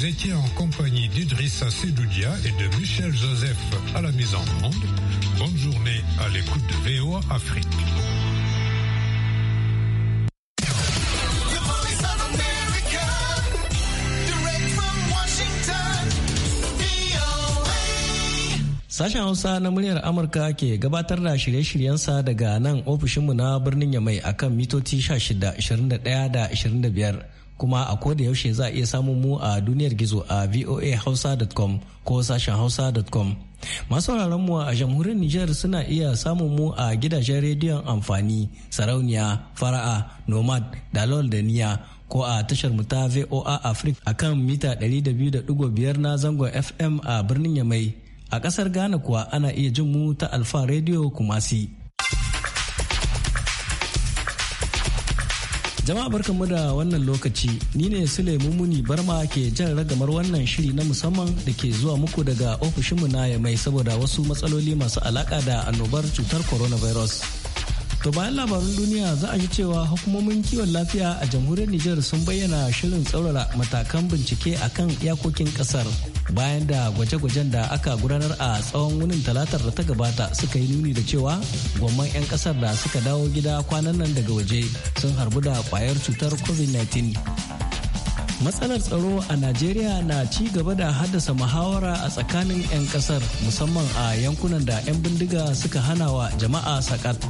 vous étiez en compagnie d'Idrissa Sedoudia et de Michel Joseph à la mise en onde. Bonne journée à l'écoute de VOA Afrique. Sashen Hausa na muryar Amurka ke gabatar da shirye-shiryensa daga nan ofishinmu na birnin Yamai akan mitoci 16, 21 da 25. kuma a koda yaushe za a iya samun mu a duniyar gizo a voahausa.com ko sashen hausa.com masu mu a jamhuriyar Nijar suna iya samun mu a gidajen rediyon amfani sarauniya fara'a nomad dalol da niya ko a tashar mu ta voa africa a kan mita 200.5 na zangon fm a birnin yamai a ƙasar ghana kuwa ana iya jin mu ta alfa radio kumasi Jama'a mu da wannan lokaci, ni ne Sule Mumuni Barma ke jan ragamar wannan shiri na musamman da ke zuwa muku daga ofishinmu na mai saboda wasu matsaloli masu alaka da annobar cutar coronavirus. To bayan labarin duniya za a ji cewa hukumomin kiwon lafiya a jamhuriyar Nijar sun bayyana shirin tsaurara matakan bincike a kan iyakokin kasar bayan da gwaje-gwajen da aka gudanar a tsawon wunin talatar da ta gabata suka yi nuni da cewa gwamman 'yan kasar da suka dawo gida kwanan nan daga waje sun harbu da kwayar cutar covid-19. matsalar tsaro a najeriya na ci gaba da haddasa muhawara a tsakanin 'yan kasar musamman a yankunan da 'yan bindiga suka hana wa jama'a sakat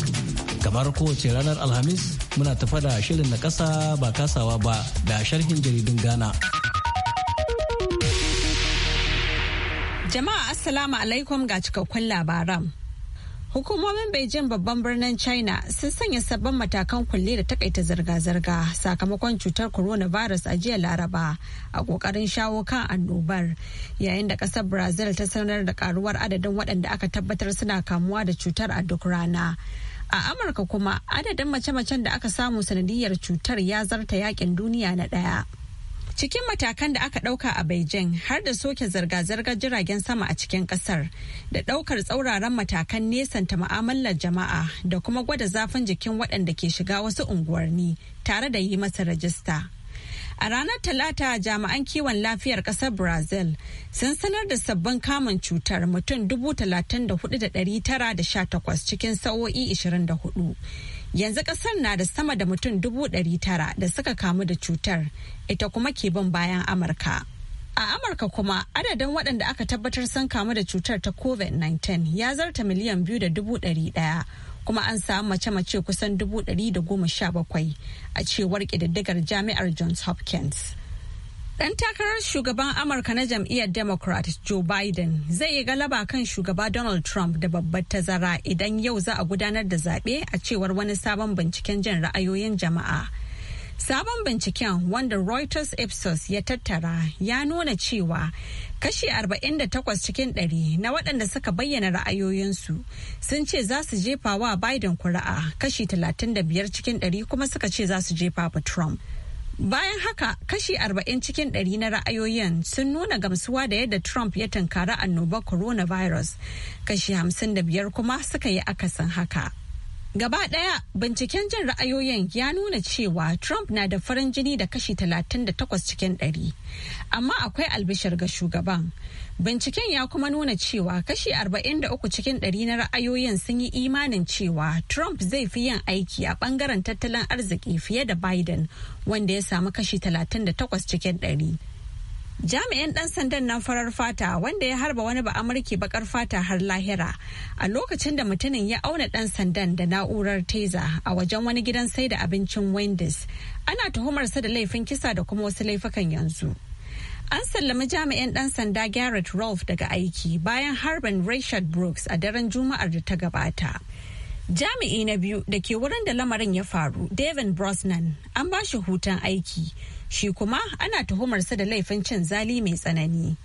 kamar kowace ranar alhamis muna tafa da shirin na kasa ba kasawa ba da sharhin jaridun ghana jama'a assalamu alaikum ga cikakkun labaran Hukumomin Beijing babban birnin China sun sanya sabbin matakan kulle da takaita zirga-zirga sakamakon cutar coronavirus a jiya Laraba a kokarin shawo kan annobar yayin da kasar Brazil ta sanar da karuwar adadin waɗanda aka tabbatar suna kamuwa da cutar a duk rana. A Amurka kuma adadin mace-macen da aka samu sanadiyar cutar ya zarta yakin duniya na ɗaya. Cikin matakan da aka ɗauka a Beijing har da soke zirga-zirgar jiragen sama a cikin ƙasar da ɗaukar tsauraran matakan nesanta ma'amalar jama'a da kuma gwada zafin jikin waɗanda ke shiga wasu unguwanni tare da yi masa rajista. A ranar Talata jami'an kiwon lafiyar ƙasar Brazil sun sanar da sabbin kamun cutar mutum 34,918 cikin sa'o'i 24. Yanzu ƙasar na da sama da mutum 900 da suka kamu da cutar, ita kuma ke bin bayan Amurka. A Amurka kuma adadin waɗanda aka tabbatar sun kamu da cutar ta COVID-19 ya zarta miliyan biyu da dubu ɗaya. kuma an samu mace-mace kusan dubu ɗari da goma sha bakwai a cewar ƙididdigar jami'ar Johns Hopkins. Ɗan takarar shugaban Amurka na jam'iyyar Democrat Joe Biden zai yi galaba kan shugaba Donald Trump da babbar tazara idan yau za a gudanar da zaɓe a cewar wani sabon binciken jin ra'ayoyin jama'a. Sabon binciken wanda Reuters Ipsos ya tattara ya nuna cewa kashi 48 cikin 100 na waɗanda suka bayyana ra'ayoyinsu sun ce za su jefa wa Biden kuri'a kashi 35 cikin 100 kuma suka ce za su jefa wa Trump. Bayan haka kashi 40 cikin 100 na ra'ayoyin sun nuna gamsuwa da yadda Trump ya tunkari annobar coronavirus kashi 55 kuma suka yi akasin haka. Gaba ɗaya binciken jin ra'ayoyin ya nuna cewa Trump na da farin jini da kashi 38 cikin 100, amma akwai albishir ga shugaban. Binciken ya kuma nuna cewa kashi 43 cikin 100 na ra'ayoyin sun yi imanin cewa Trump zai fi yin aiki a bangaren tattalin arziki fiye da Biden wanda ya samu kashi 38 cikin 100. jami'in ɗan sandan nan farar fata wanda ya harba wani ba amurki bakar fata har lahira a lokacin da mutumin ya auna ɗan sandan da na'urar teza a wajen wani gidan sai da abincin wendy's ana tuhumarsa da laifin kisa da kuma wasu laifukan yanzu an sallami jami'in ɗan sanda garrett rolf daga aiki bayan harbin richard brooks a daren juma'ar da ta gabata jami'i na biyu da ke wurin da lamarin ya faru david brosnan an ba shi hutun aiki shi kuma ana tuhumarsa da laifin cin zali mai tsanani.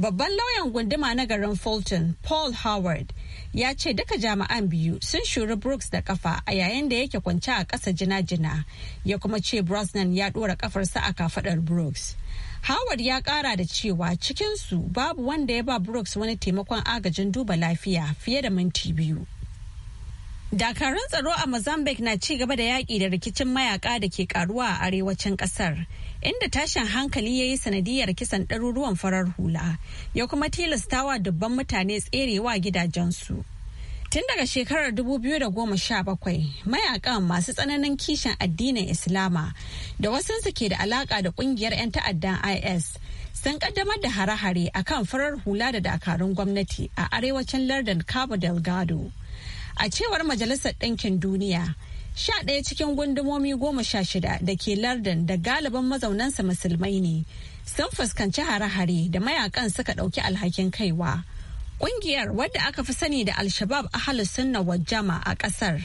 Babban lauyan gunduma na garin Fulton, Paul Howard, ya ce duka jami'an biyu sun shuri Brooks da kafa a yayin da yake kwance a ƙasa jina-jina, ya kuma ce Brosnan ya ɗora kafarsa a kafaɗar Brooks. Howard ya ƙara da cewa cikinsu babu wanda ya ba Brooks wani taimakon agajin duba lafiya fiye da minti biyu. Dakarun tsaro a Mozambique na ci gaba da yaƙi da rikicin mayaka da ke karuwa a arewacin ƙasar, inda tashin hankali ya yi sanadiyar kisan ɗaruruwan farar hula, ya kuma tilastawa dubban mutane tserewa gidajensu. Tun daga shekarar 2017 mayakan masu tsananin kishin addinin Islama da wasansu ke da alaƙa da ƙungiyar 'yan ta'addan IS sun kaddamar da hare-hare akan farar hula da dakarun gwamnati a arewacin lardin Cabo Delgado. A cewar Majalisar Ɗinkin Duniya, sha ɗaya cikin gundumomi goma sha shida da ke lardin da galibin mazaunansa musulmai ne sun fuskanci hare-hare da mayakan suka ɗauki alhakin kaiwa. Ƙungiyar wadda aka fi sani da Alshabab a Sunna Wajjama a ƙasar.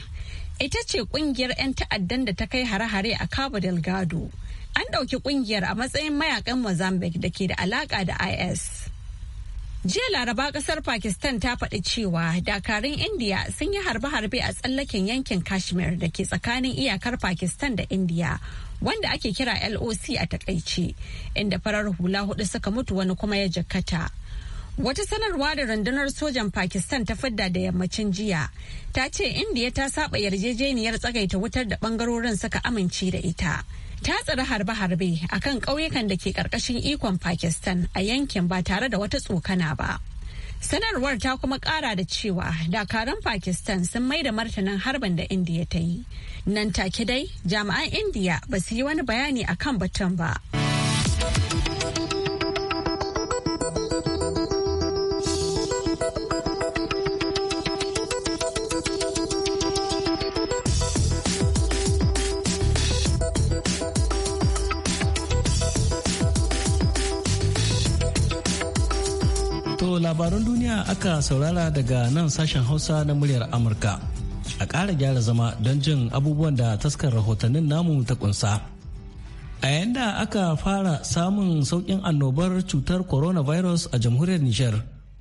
Ita ce ƙungiyar 'yan ta'addan da ta kai hare-hare a Cabo Delgado. An ɗauki ƙungiyar a matsayin mayakan Mozambique da ke da alaƙa da IS. Jiya Laraba kasar Pakistan ta faɗi cewa dakarun India sun yi harbe-harbe a tsallaken yankin Kashmir da ke tsakanin iyakar Pakistan da India wanda ake kira LOC a takaice inda farar hula hudu suka mutu wani kuma ya jakata Wata sanarwa da rundunar sojan Pakistan ta fadda da yammacin jiya ta ce India ta saba yarjejeniyar tsagaita wutar da bangarorin suka amince da ita. ta tsiri harbe-harbe a kan ƙauyukan da ke ƙarƙashin ikon Pakistan a yankin ba tare da wata tsokana ba. Sanarwar ta kuma ƙara da cewa dakarun Pakistan sun mai da martanin harbin da Indiya ta yi. Nan take dai, jami'an Indiya ba su yi wani bayani a kan batun ba. haka saurara daga nan sashen Hausa na muryar Amurka. A ƙara gyara zama don jin abubuwan da taskar rahotannin namu ta kunsa. A yayin da aka fara samun sauƙin annobar cutar coronavirus a jamhuriyar Nijar,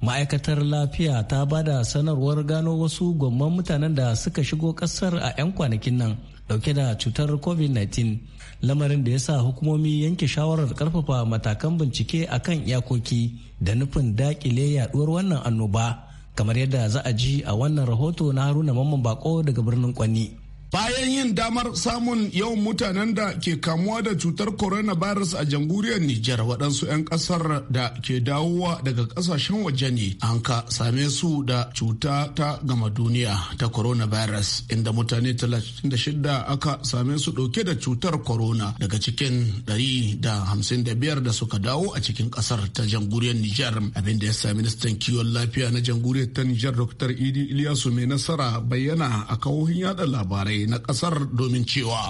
ma'aikatar lafiya ta bada sanarwar gano wasu gwamman mutanen da suka shigo ƙasar a 'yan kwanakin nan dauke da cutar covid-19 lamarin da ya sa hukumomi yanke shawarar karfafa matakan bincike a kan iyakoki da nufin dakile yaduwar wannan annoba kamar yadda za a ji a wannan rahoto na haruna mamman bako daga birnin kwanni bayan yin damar samun yawan mutanen da ke kamuwa da cutar coronavirus a jamhuriyar Nijar waɗansu 'yan ƙasar da ke dawowa daga ƙasashen waje ne an ka same su da cuta ta gama duniya ta coronavirus inda mutane 36 aka same su ɗauke da cutar corona daga cikin 155 da suka dawo a cikin ƙasar ta jamhuriyar Nijar abinda ya sa ministan kiwon lafiya na jamhuriyar ta Nijar Dr. Idi iliyasu mai nasara bayyana a kawohin yada labarai na kasar domin cewa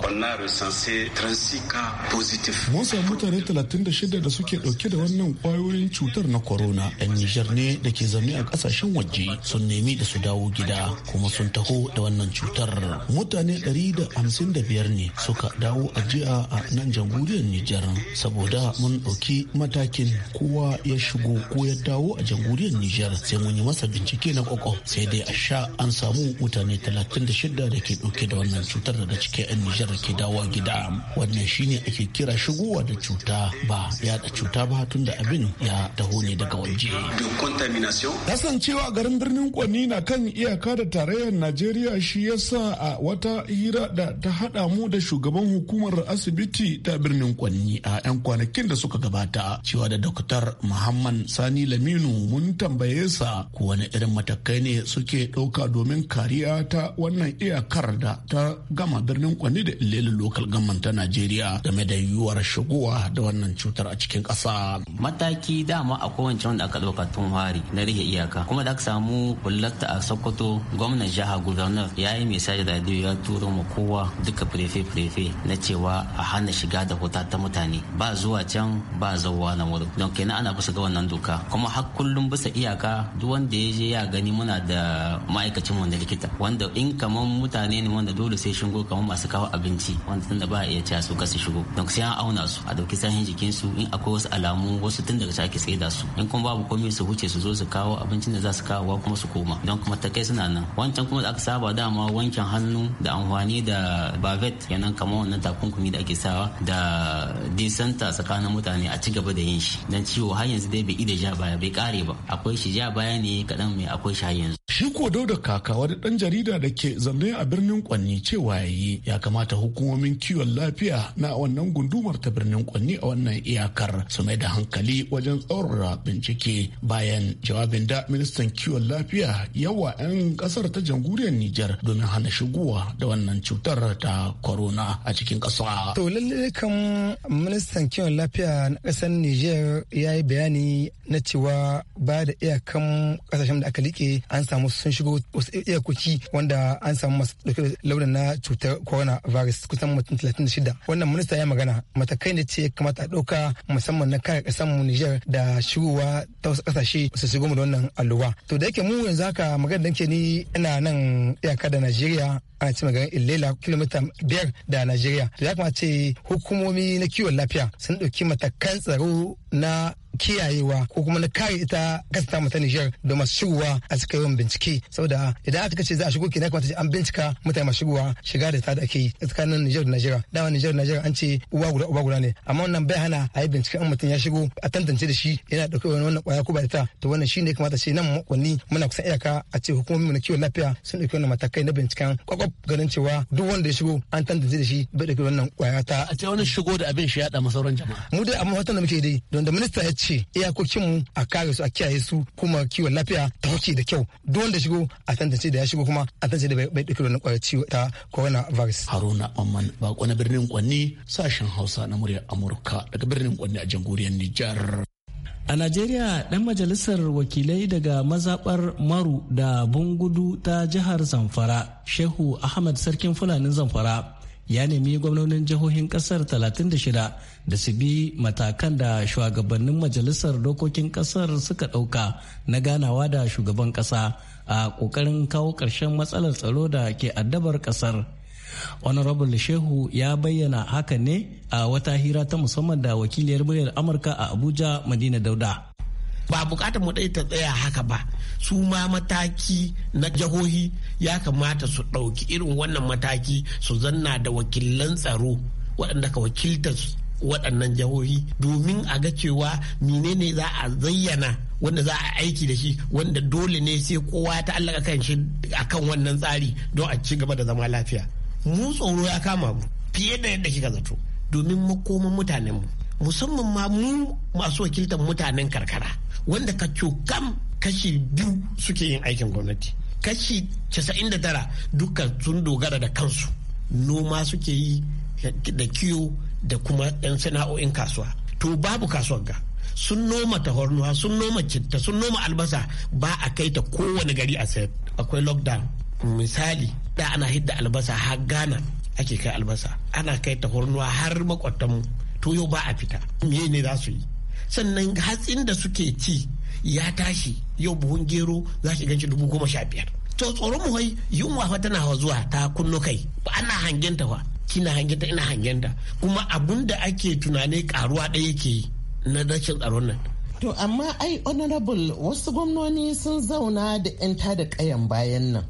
mun samu mutane 36 da suke dauke da wannan kwayoyin cutar na corona yan nijar ne da ke zaune a kasashen waje sun nemi da su dawo gida kuma sun taho da wannan cutar mutane 155 ne suka dawo a jiya a nan jamhuriyar nijar saboda mun dauki matakin kowa ya shigo ko ya dawo a jamhuriyar nijar sai mun yi masa bincike na kwakwa sai dai a sha an samu mutane 36 da ke dauke da wannan cutar da cike 'yan Nijar da ke dawo gida. Wannan shine ake kira shigowa da cuta ba yaɗa cuta ba tun da abin ya taho ne daga waje. Kasancewa garin birnin Kwani na kan iyaka da tarayyar Najeriya shi yasa a wata hira da ta haɗa mu da shugaban hukumar asibiti ta birnin Kwani a 'yan kwanakin da suka gabata cewa da Dr. Muhammad Sani Laminu mun tambaye sa ko wani irin matakai ne suke ɗauka domin kariya ta wannan iyakar da ta gama birnin kwanne da illeli lokal gaman ta najeriya game da yiwuwar shigowa da wannan cutar a cikin ƙasa. mataki dama a kowace wanda aka ɗauka tun hari na rage iyaka kuma da aka samu bullata a sokoto gwamnan jiha gubernar ya yi misali da ya turo ma kowa duka prefe prefe na cewa a hana shiga da huta ta mutane ba zuwa can ba zauwa na wuri don kenan ana bisa ga wannan doka kuma har kullum bisa iyaka duk wanda ya je ya gani muna da ma'aikacin wanda likita wanda in kamar mutane ne wanda dole sai shingo kamar masu kawo abinci wanda tunda ba iya cewa su kasu shigo don sai an auna su a dauki sahin jikin su in akwai wasu alamu wasu tun daga ake da su in kuma babu komai su huce su zo su kawo abincin da za su kawo kuma su koma don kuma ta kai suna nan wancan kuma da aka saba dama wankin hannu da amfani da bavet yanan kamar wannan takunkumi da ake sawa da disanta tsakanin mutane a ci gaba da yin shi dan ciwo har yanzu dai bai ida ja baya bai kare ba akwai shi ja baya ne kadan mai akwai shi har yanzu shi ko dauda kaka wani dan jarida da ke zamne a birnin kwanni kwanni cewa yi ya kamata hukumomin kiwon lafiya na wannan gundumar ta birnin kwanni a wannan iyakar su mai da hankali wajen tsaurara bincike bayan jawabin da ministan kiwon lafiya yawa 'yan kasar ta jamhuriyar Nijar domin hana shigowa da wannan cutar ta corona a cikin kasa To lallai kan ministan kiwon lafiya na ƙasar Nijar ya yi bayani na cewa ba da iyakan ƙasashen da aka liƙe an samu sun shigo wasu iyakoki wanda an samu masu alluran na cutar corona virus kusan mutum 36 wannan minista ya magana matakai ne ce kamata a ɗauka musamman na kare ƙasar mu Nijar da shigowa ta wasu ƙasashe su shigo mu da wannan alluwa to da yake mu yanzu haka magana da ni ina nan iyaka da Najeriya ana ce maganin illela kilomita biyar da najeriya to ya kamace hukumomi na kiwon lafiya sun ɗauki matakan tsaro na kiyayewa ko kuma na kare ita kasa mata Nijar da masu shigowa a suka yi bincike saboda idan aka ce za a shigo kenan kamata an bincika mutane masu shigowa shiga da ta da ke yi tsakanin Nijar da Najeriya dama Nijar da Najeriya an ce uwa guda uba guda ne amma wannan bai hana a yi bincike an mutum ya shigo a tantance da shi yana da wani wannan kwaya ko ba ta to wannan shi ne kamata ce nan makonni muna kusa iyaka a ce hukumomi na kiwon lafiya sun ɗauki wannan matakai na binciken kwakwa ganin cewa duk wanda ya shigo an tantance da shi bai da wannan kwaya ta a cewa wani shigo da abin shi ya da masauran jama'a mu dai amma fatan da muke dai don da minista ya ce iyakokin mu a kare su a kiyaye su kuma kiwon lafiya ta huce da kyau duk wanda shigo a tantance da ya shigo kuma a tantance da bai da wannan kwaya ciwo ta virus. haruna amman bako na birnin kwanni sashen hausa na murya amurka daga birnin kwanni a jamhuriyar nijar A Najeriya ɗan majalisar wakilai daga mazaɓar Maru da Bungudu ta jihar Zamfara, Shehu Ahmad Sarkin Fulanin Zamfara, ya nemi gwamnonin jihohin ƙasar 36 da su bi matakan da shugabannin majalisar dokokin ƙasar suka ɗauka na ganawa da shugaban ƙasa a ƙoƙarin kawo ƙarshen matsalar tsaro da ke addabar ƙasar. honorable shehu ya bayyana haka ne a wata hira ta musamman da wakiliyar muryar amurka a abuja madina dauda ba bukatar mu ta tsaya haka ba su ma mataki na jihohi ya kamata su ɗauki irin wannan mataki su zanna da wakilan tsaro waɗanda ka wakilta waɗannan jihohi domin a ga cewa menene za a zayyana wanda za a aiki da shi wanda dole ne sai kowa ta allaka kan shi kan wannan tsari don a ci gaba da zama lafiya mu tsoro ya kama mu fiye da yadda kika zato domin makoman mutanen mu musamman ma mu masu wakiltar mutanen karkara wanda ka kam kashi biyu suke yin aikin gwamnati kashi casa'in 99 dukkan sun dogara da kansu noma suke yi da kiwo da kuma 'yan sana'o'in kasuwa to babu kasuwar ga sun noma tahornuwa sun noma citta sun noma albasa ba a kai ta kowane gari a sayar akwai lockdown misali da ana hidda albasa har gana ake kai albasa ana kai ta hurnuwa har makwatanmu to yau ba a fita me ne za su yi sannan hatsin da suke ci ya tashi yau buhun gero za ki ganci dubu goma sha biyar to tsoron mu yunwa fa tana zuwa ta kunno kai ana hangen ta fa kina hangen ta ina hangen kuma abun da ake tunani karuwa ɗaya yake na rashin tsaron nan to amma ai honorable wasu gwamnoni sun zauna da 'yan da kayan bayan nan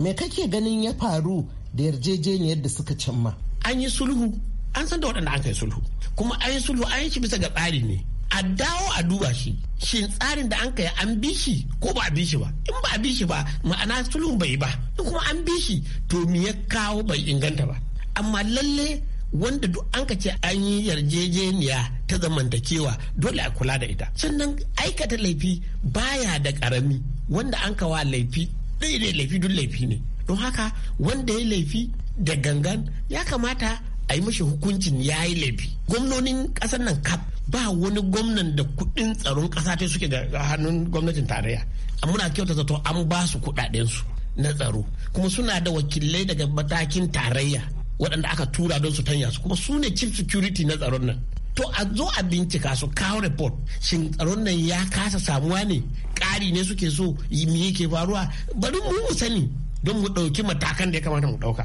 me kake ganin ya faru da yarjejeniyar da suka cimma an yi sulhu an san da waɗanda an yi sulhu kuma an yi sulhu an yi shi bisa ga tsari ne a dawo a duba shi shin tsarin da an kai an bi shi ko ba a bi shi ba in ba a bi shi ba ma'ana sulhu bai ba in kuma an bi shi to me ya kawo bai inganta ba amma lalle wanda duk an ka ce an yi yarjejeniya ta zamantakewa dole a kula da ita sannan aikata laifi baya da karami wanda an kawa laifi ɗaya da laifi duk laifi ne don haka wanda ya laifi da gangan ya kamata a yi mashi hukuncin ya yi laifi gwamnonin ƙasar nan kaf ba wani gwamnan da kuɗin tsaron ƙasa ta suke da hannun gwamnatin tarayya amma muna kyauta zato an ba su kuɗaɗensu na tsaro kuma suna da wakilai daga matakin tarayya waɗanda aka tura don su tanya su kuma su ne chief security na tsaron nan to a zo a bincika su kawo report shin tsaron nan ya kasa samuwa ne ƙari ne suke so me yake faruwa bari mu mu sani don mu ɗauki matakan da ya kamata mu ɗauka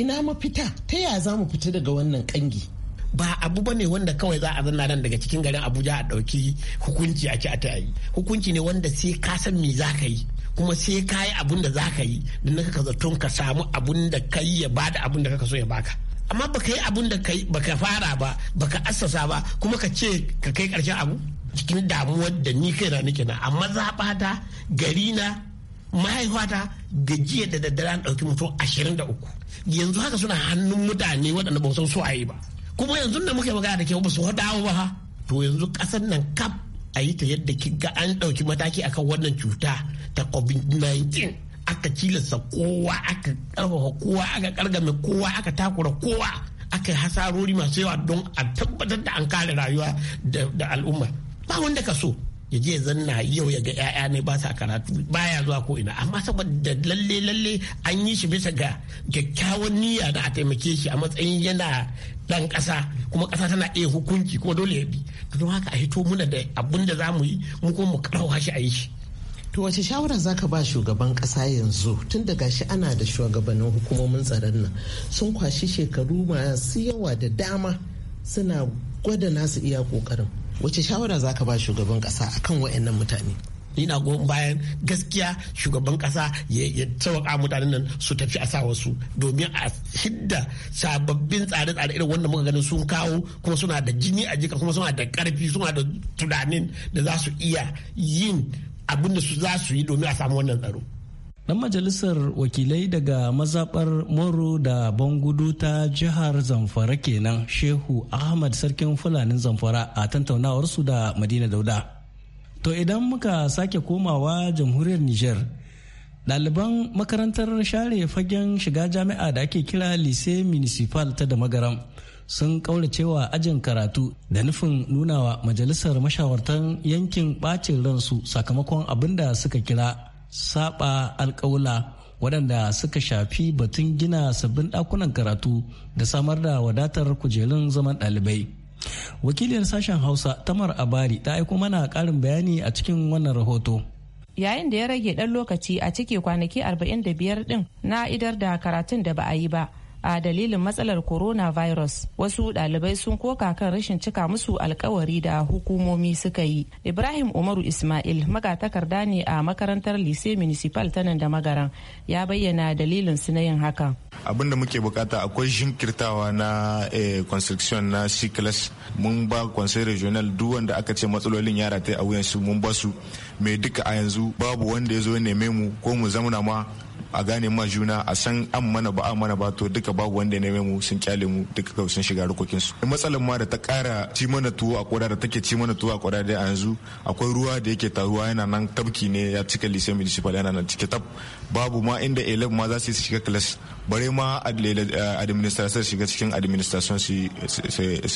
ina mafita ta ya za mu fita daga wannan ƙangi ba abu ba ne wanda kawai za a zanna nan daga cikin garin abuja a ɗauki hukunci a ci a ta yi hukunci ne wanda sai ka san me za ka yi kuma sai ka yi abun da za ka yi da naka ka zaton ka samu abun da ka yi ya bada abun da kaka so ya baka amma baka yi abun da baka fara ba baka assasa ba kuma ka ce ka kai karshen abu cikin damuwar da ni na nake na amma zaɓata gari na mahaifata da jiya da daddare an ɗauki mutum ashirin da uku yanzu haka suna hannun mutane waɗanda ba san so a yi ba kuma yanzu da muke magana da kyau ba su dawo ba to yanzu ƙasar nan kaf a yi ta yadda ga an ɗauki mataki akan wannan cuta ta covid-19 aka kilasta kowa aka karfafa kowa aka kargame kowa aka takura kowa aka hasarori masu yawa don a tabbatar da an kare rayuwa da al'umma ba wanda ka so ya je zanna yau ya ga 'ya'ya ne ba sa karatu baya zuwa ko ina amma saboda lalle lalle an yi shi bisa ga kyakkyawan niyya da a taimake shi a matsayin yana dan kasa kuma kasa tana iya hukunci ko dole ya bi don haka a hito muna da abun da za mu yi mu kuma mu karawa shi a yi shi To wace shawara zaka ba shugaban kasa yanzu tun da gashi ana da shugabannin hukumomin tsaron nan sun kwashi shekaru masu yawa da dama suna gwada nasu iya kokarin. Wace shawara zaka ba shugaban kasa akan wayannan mutane? ina goyon bayan gaskiya shugaban kasa ya tsawaka mutanen nan su tafi a sa wasu domin a hidda sababbin tsare-tsare irin wanda muka ganin sun kawo kuma suna da jini a jika kuma suna da karfi suna da tunanin da za su iya yin abin da su za su yi domin a samu wannan tsaro dan majalisar wakilai daga mazabar moro da bangudu ta jihar zamfara kenan shehu ahmad sarkin fulanin zamfara a tantaunawarsu da madina dauda to idan muka sake komawa jamhuriyar niger ɗaliban makarantar share fagen shiga jami'a da ake kira lise municipal ta da magaram sun cewa ajin karatu da nufin nunawa majalisar mashawartan yankin bacin ransu sakamakon abin da suka kira saba alkaula waɗanda suka shafi batun gina sabbin ɗakunan karatu da samar da wadatar kujerun zaman ɗalibai. wakiliyar sashen hausa tamar abari ta aiko mana ƙarin bayani a cikin wannan rahoto yayin da ya rage ɗan lokaci a ciki kwanaki 45 ɗin na idar da karatun da ba a yi ba a dalilin matsalar coronavirus wasu ɗalibai sun koka kan rashin cika musu alkawari da hukumomi suka yi ibrahim umaru ismail magatakarda ne a makarantar lise municipal ta nan da magaran ya bayyana dalilin su na yin haka abin da muke bukata akwai jinkirtawa na eh, construction na c class mun ba conseil regional duk wanda aka ce matsalolin yara ta a wuyan su mun ba su mai duka a yanzu babu wanda ya zo neme mu ko mu zamana ma a gane ma juna a san an mana ba a mana ba to duka babu wanda ne mu sun kyale mu duka kawai sun shiga rukokin su matsalar ma da ta kara ci mana tuwo a koda da take ci mana tuwo a koda da yanzu akwai ruwa da yake taruwa yana nan tabki ne ya cika lise municipal yana nan cike tab babu ma inda elem ma za su shiga class bare ma eh, administration shiga cikin administration su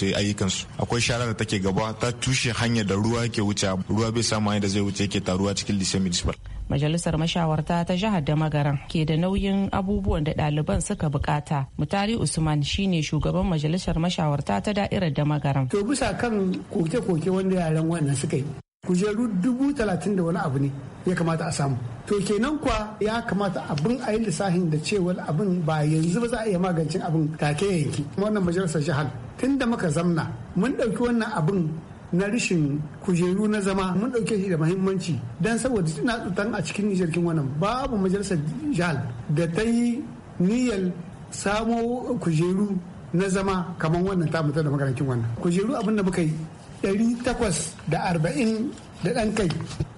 yi ayyukansu akwai shara da take gaba ta tushe hanyar da ruwa ke wuce ruwa bai samu hanyar da zai wuce yake taruwa cikin lise municipal majalisar mashawarta ta jihar da magaran ke da nauyin abubuwan da ɗaliban suka bukata mutari usman shine shugaban majalisar mashawarta ta da'irar da magaran to bisa kan koke-koke wanda yaran wannan suka yi kujeru dubu talatin da wani abu ne ya kamata a samu to kenan kuwa ya kamata abin a yi lissafin da cewa abin ba yanzu ba za a iya magancin abin take yanki wannan majalisar jihar tun da muka zamna mun ɗauki wannan abin na rishin kujeru na zama mun ɗauke shi da mahimmanci don saboda tana tsutan a cikin jirgin wannan babu majalisar jihar da ta yi niyyar samo kujeru na zama kamar wannan ta mutu da makarantar wannan kujeru abin da muka yi 840 da ɗan kai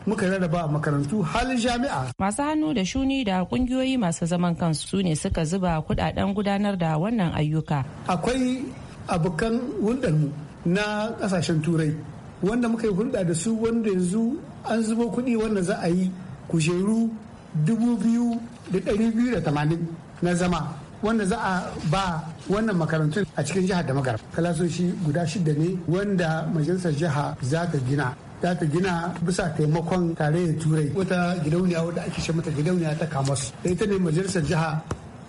muka rarraba makarantu halin jami'a. Masu hannu da shuni da kungiyoyi masu zaman kansu su ne suka zuba kudaden gudanar da wannan ayyuka. Akwai abokan hulɗarmu na ƙasashen turai wanda muka yi hulɗa da su wanda yanzu an zubo kuɗi wanda za a yi kujeru 2,280 na zama wanda za a ba wannan makarantun a cikin jihar da magarab kalasoshi guda shida ne wanda majalisar jiha za ta gina za ta gina bisa taimakon tare da turai wata gidauniya wadda ake shi mata gidauniya ta kamasu da ita ne majalisar jiha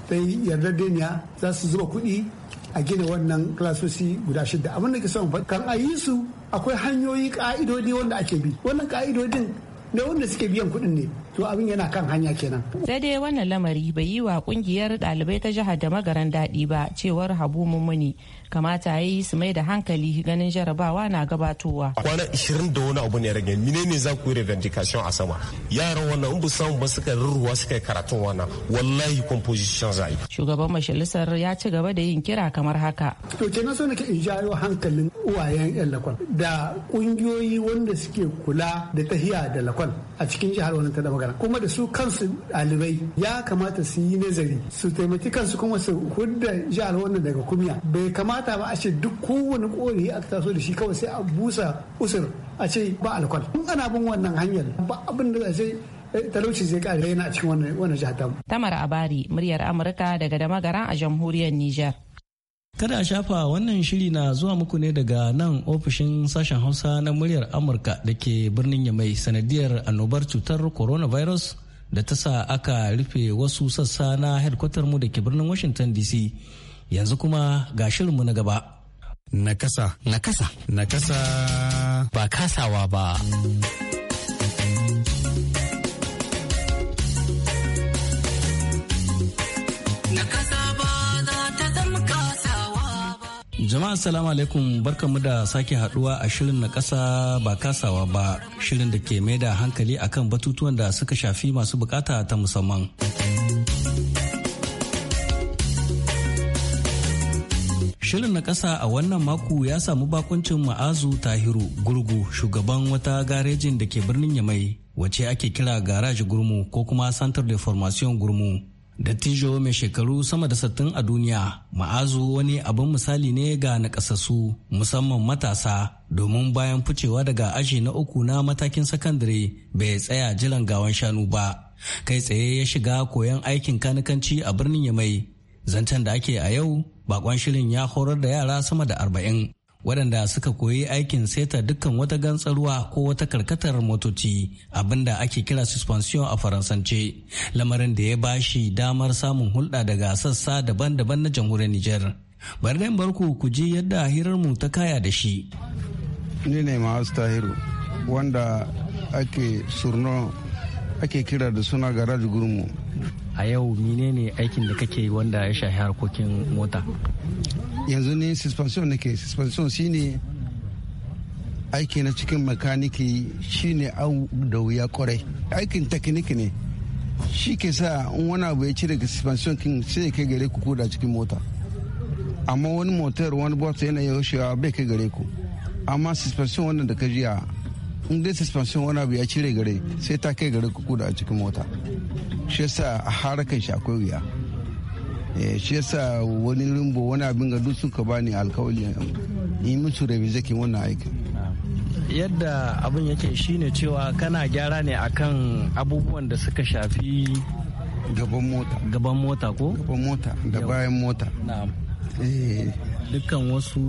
ta yi daniya za su zuba kuɗi a gina wannan kalasoshi guda shida abin da ke son kan a yi su akwai hanyoyi ka'idodi wanda ake bi wannan ka'idodin na wanda suke biyan kuɗin ne to abin yana kan hanya kenan sai dai wannan lamari bai yi wa kungiyar dalibai ta jihar da magaran daɗi ba cewar habu mummuni kamata ya yi su mai da hankali ganin jarabawa na gabatowa kwana 20 da wani abu ne rage mine ne za ku yi revendication a sama yaran wannan in bu samu ba suka rurruwa suka karatun wannan wallahi composition za yi shugaban majalisar ya ci gaba da yin kira kamar haka to na so nake in jayo hankalin uwayen yan lakwal da kungiyoyi wanda suke kula da tahiya da lakwal a cikin jihar wannan ta magana kuma da su kansu ɗalibai ya kamata su yi nazari su taimaki kansu kuma su hudda jihar wannan daga kumya bai kamata ba a ce duk kowane kori a taso da shi kawai sai a busa usur a ce ba alkwal in ana bin wannan hanyar ba abin da zai eh, talauci zai kare yana a cikin wannan jihar tamu. Abari, muryar Amurka daga Damagara a jamhuriyar Nijar. Kada a shafa wannan shiri na zuwa muku ne daga nan ofishin sashen Hausa na muryar Amurka da ke birnin Yamai sanadiyar annobar cutar coronavirus da ta sa aka rufe wasu sassa na headquarter mu da ke birnin Washington DC. Yanzu kuma ga shirinmu na gaba. Nakasa. Nakasa. Nakasa. Ba kasawa ba. Nakasa. Jama'a salamu alaikum mu da sake haduwa a shirin na kasa ba kasawa ba shirin da ke mai da hankali akan batutuwan da suka shafi masu bukata ta musamman. Shirin na kasa a wannan mako ya samu bakuncin ma'azu tahiru gurgu shugaban wata garejin da ke birnin yamai wace ake kira garaji gurmu ko kuma santar de formation gurmu Dattijo mai shekaru sama da sattin a duniya, ma'azu wani abin misali ne ga nakasassu musamman matasa domin bayan ficewa daga ashe na uku na matakin sakandare bai tsaya jiran gawan shanu ba. Kai tsaye ya shiga koyon aikin kanikanci a birnin Yamai. Zancen da ake a yau, bakon shirin ya horar da yara sama da arba'in. waɗanda suka koyi aikin seta dukkan wata gantsarwa ko wata karkatar motoci abinda ake kira suspension a faransance lamarin da ya bashi damar samun hulɗa daga sassa daban-daban na jamhuriyar Nijar. Bari barku ku ji yadda hirarmu ta kaya da shi. Ni ne Ma'az Tahiru wanda ake surno ake kira da suna garaj gurmu. A yau menene aikin da kake wanda ya shafi harkokin mota? yanzu ne suspension nake suspension shine aiki na cikin makaniki shine au da wuya kwarai aikin teknik ne shi ke sa wani abu ya ci daga suspension kin sai kai gare ku koda cikin mota amma wani motar wani bota yana yaushewa bai kai gare ku amma suspension wannan da ka jiya in dai suspension wani abu ya cire gare sai ta kai gare ku koda cikin mota shi yasa a harakan shi akwai wuya Eh, shi yasa wani rumbo wani abin ga duk suka bani alkawali yi musu rabi zakin wannan aikin yadda abin yake shine cewa kana gyara ne akan abubuwan da suka shafi gaban mota gaban mota ko gaban mota da bayan mota eh. dukkan wasu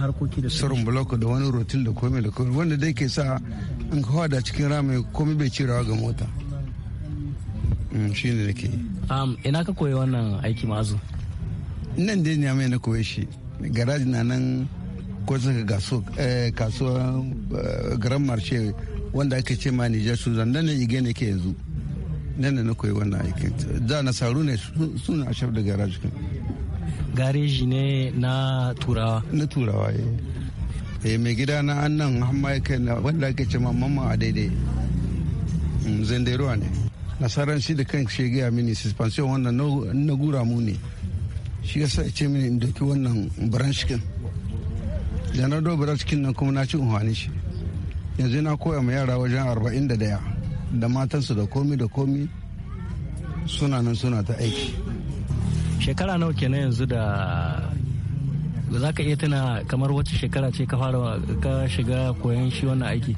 harkoki da sarun bloku da wani rotin da komai da komai wanda dai ke sa in kawada da cikin rami komai bai cirawa ga mota Mm, shi ne da ke yi ina ka koyi wannan aiki mazu nan dai ne mai na koyi shi garaji na nan ko suka eh, kasuwa eh, garan marshe wanda ake ce ma nijar suzan nan ne ige ne ke yanzu nan ne na koyi wannan aikin da na saru ne suna a shafi da garaji gareji ne na turawa na turawa ya eh. yi mai gida na annan hamma ya kai wanda ake ce ma mamman a daidai mm, zanderuwa ne nasaran shi da kan shi gaya mini suspension wannan na gura mu ne shi ya ya ce mini in doki wannan branchkin janar do branchkin nan kuma na ci unhwani shi yanzu na koya ma yara wajen arba'in da daya da matansu da komi da komi suna nan suna ta aiki shekara nawa kenan yanzu da za ka iya tuna kamar wacce shekara ce ka fara ka shiga koyon shi wannan aiki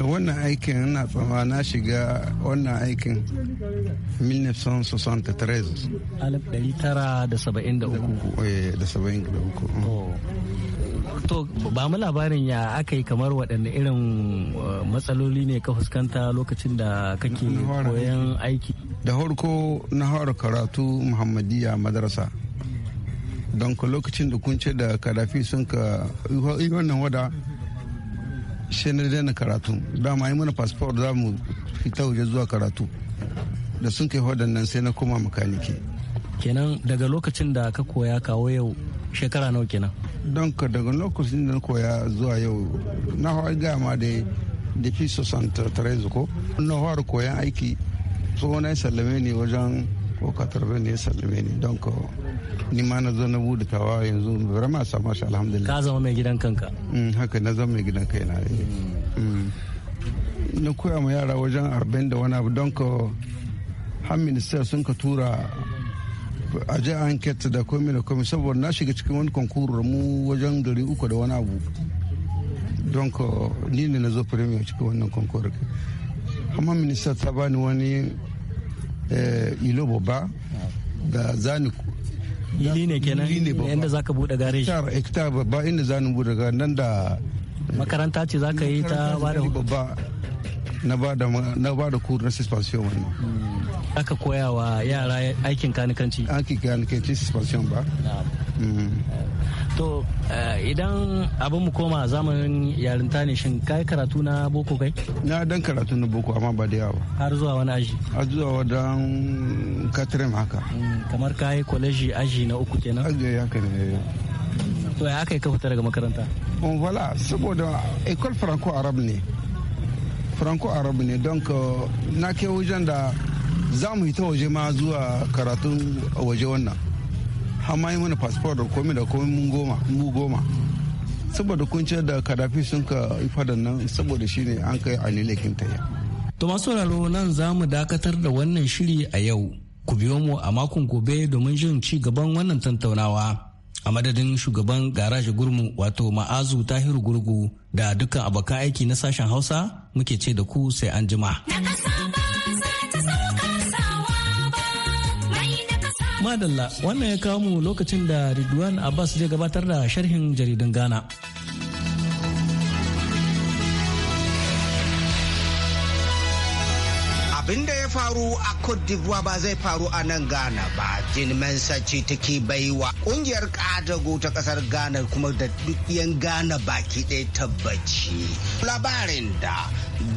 da wannan aikin ina tsama na shiga wannan aikin 1973 eh, mm. to ba mu labarin ya aka yi kamar waɗanne irin uh, matsaloli ne ka fuskanta lokacin da kake koyan aiki da harko na fara karatu muhammadiyya madarasa don ka lokacin da kun ce da kadafi sun ka wannan wada shi na daina karatu dama yi mana fasfawar za mu fita waje zuwa karatu da sun kai waɗannan sai na koma makaniki kenan daga lokacin da ka koya kawo yau shekara nawa kenan don ka daga lokacin da na koya zuwa yau na hawa ma da da fi tattare ko na koyan aiki tsohonai sallame ne wajen ko katarbe ne ya sallame ni don ko ni ma na zo na bude tawa yanzu barama sa shi alhamdulillah ka zama mai gidan kanka mm, haka na zama mai gidan kai na eh. mm. na koya ma yara wajen arba'in da wani abu don ko har minister sun ka tura a an anket da komi da komi saboda na shiga cikin wani konkurur mu wajen gari uku da wani abu don ko ni ne na zo premier cikin wannan konkurur amma minista ta bani wani Eh, ilo babba da zani ili ne kenan inda za ka buɗe gareji hektar babba inda za ni buɗe nan da makaranta ce za ka yi ta bada babba na bada na bada kur na suspension wani aka koya wa yara aikin kanikanci aikin kanikanci suspension ba Eh, to eh, idan abin mu koma zamanin yarinta ne shin kai karatu na boko kai na dan karatu na boko amma ba da yawa har zuwa wani aji har zuwa wadan katrim haka hmm, kamar kai kwaleji aji na uku kenan aji haka ne to ya aka yi ka fita daga makaranta on voilà saboda école franco arabe ne franco arabe ne donc na ke wajen da za mu ta waje ma zuwa karatun waje wannan har ma yi mana fasfawar da komai da komai mun goma mu goma saboda ce da kadafi sun ka fadan nan saboda shi ne an kai alilakin ta to masu sauraro nan za mu dakatar da wannan shiri a yau ku biyo mu a makon gobe domin jin ci gaban wannan tattaunawa a madadin shugaban garaji gurmu wato ma'azu tahiru gurgu da dukkan abokan aiki na sashen hausa muke ce da ku sai an jima. madalla wannan ya kawo mu lokacin da Ridwan Abbas zai gabatar da sharhin jaridan Ghana. abin da ya faru a Cote d'Ivoire ba zai faru a nan Ghana ba. Jin Mensaci take baiwa kungiyar kadago ta kasar Ghana kuma da duk dukiyan Ghana baki ɗaya tabbaci. Labarin da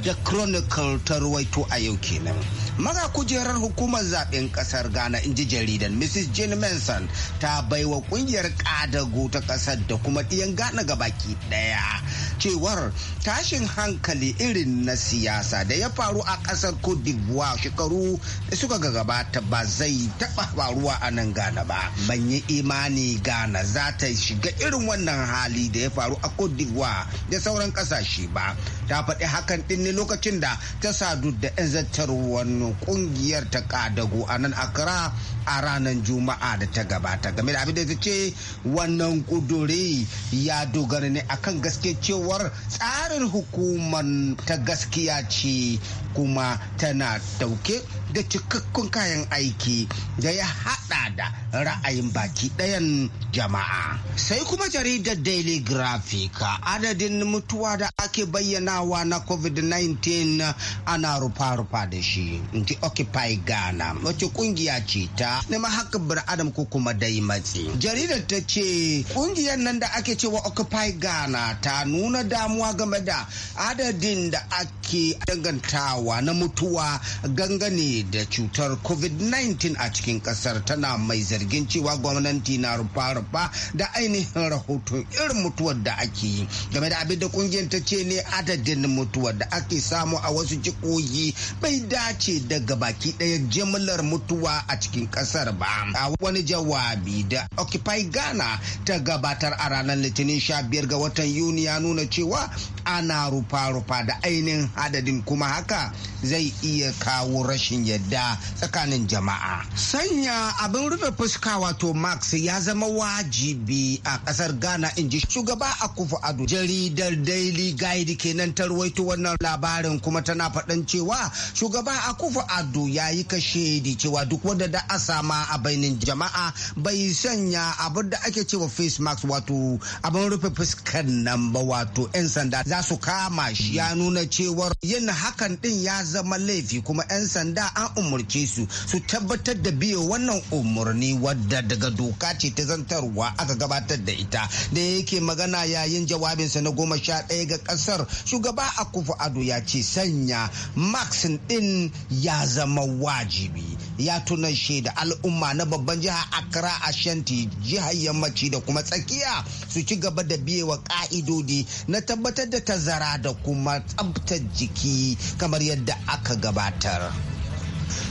The Chronicle ta ruwaito a yau kenan. maga kujerar hukumar zaben kasar ghana in ji jaridan mrs jane manson ta baiwa kungiyar kadago ta kasar da kuma iyan ghana gabaki daya cewar tashin hankali irin na siyasa da ya faru a kasar cote d'ivoire shekaru da suka gabata ba zai taba faruwa a nan Gana ba ban yi imani Gana za ta shiga irin wannan hali da ya faru a cote d'ivoire da sauran kasashe ba ta faɗi hakan ɗin ne lokacin da ta sadu da 'yan wani kungiyar ta kadago a nan akara a ranar juma'a da ta gabata game da abin da ta ce wannan kuduri ya dogara ne akan gaske cewa cewar tsarin hukumar ta gaskiya ce kuma tana dauke da cikakkun kayan aiki da ya haɗa da ra'ayin baki ɗayan jama'a. Sai kuma jaridar Daily Graphic adadin mutuwa da ake bayyanawa na COVID-19 ana rufa-rufa da shi. Inji Occupy Ghana wacce kungiya ce ta neman haƙƙin adam ko kuma dai matsi. Jaridar ta ce kungiyar nan da ake cewa Occupy Ghana ta nuna damuwa game da adadin da ake dangantawa na mutuwa gangane da cutar covid-19 a cikin ƙasar tana mai zargin cewa gwamnati na rufa-rufa da ainihin rahoton irin mutuwar da ake yi game da abin da ƙungiyar ta ce ne adadin mutuwar da ake samu a wasu jikoyi bai dace daga baki ɗaya jimlar mutuwa a cikin ƙasar ba a wani jawabi da occupy ghana ta gabatar a ranar litinin Sha biyar ga watan yuni ya nuna cewa ana rufa-rufa da ainihin adadin kuma haka zai iya kawo rashin yadda tsakanin jama'a sanya abin rufe fuska wato max ya zama wajibi a kasar ghana in ji shugaba a ado jaridar daily guide kenan ta ruwaito wannan labarin kuma tana faɗan cewa shugaba a a ado ya yi kashedi cewa duk wanda da a sama a bainin jama'a bai sanya abin da ake cewa face mask wato abin rufe fuskar nan ba wato 'yan sanda za su kama shi ya nuna cewar yin hakan din ya zama laifi kuma 'yan sanda an an umarci su su tabbatar da biyo wannan umarni wadda daga doka ce ta zantarwa aka gabatar da ita da yake magana yayin jawabinsa na goma sha ɗaya ga ƙasar shugaba akufu ado ya ce sanya max din ya zama wajibi ya tuna da al'umma na babban jiha accra ashanti jihar yammaci da kuma tsakiya su ci gaba da biyewa ka'idodi na tabbatar da tazara da kuma tsabtar jiki kamar yadda aka gabatar.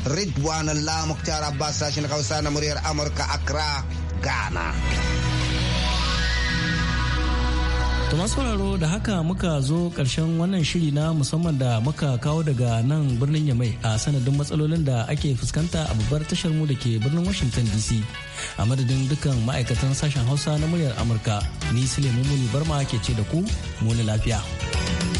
Ridwan Allah Muktar Abbas sashen Hausa na muryar Amurka Accra, Ghana. Thomas sauraro da haka muka zo karshen wannan shiri na musamman da muka kawo daga nan birnin Yamai a sanadin matsalolin da ake fuskanta a babbar tashar mu da ke birnin Washington DC. A madadin dukkan ma'aikatan sashen Hausa na muryar Amurka, ni Suleiman Muni Barma ke ce da ku, muni lafiya.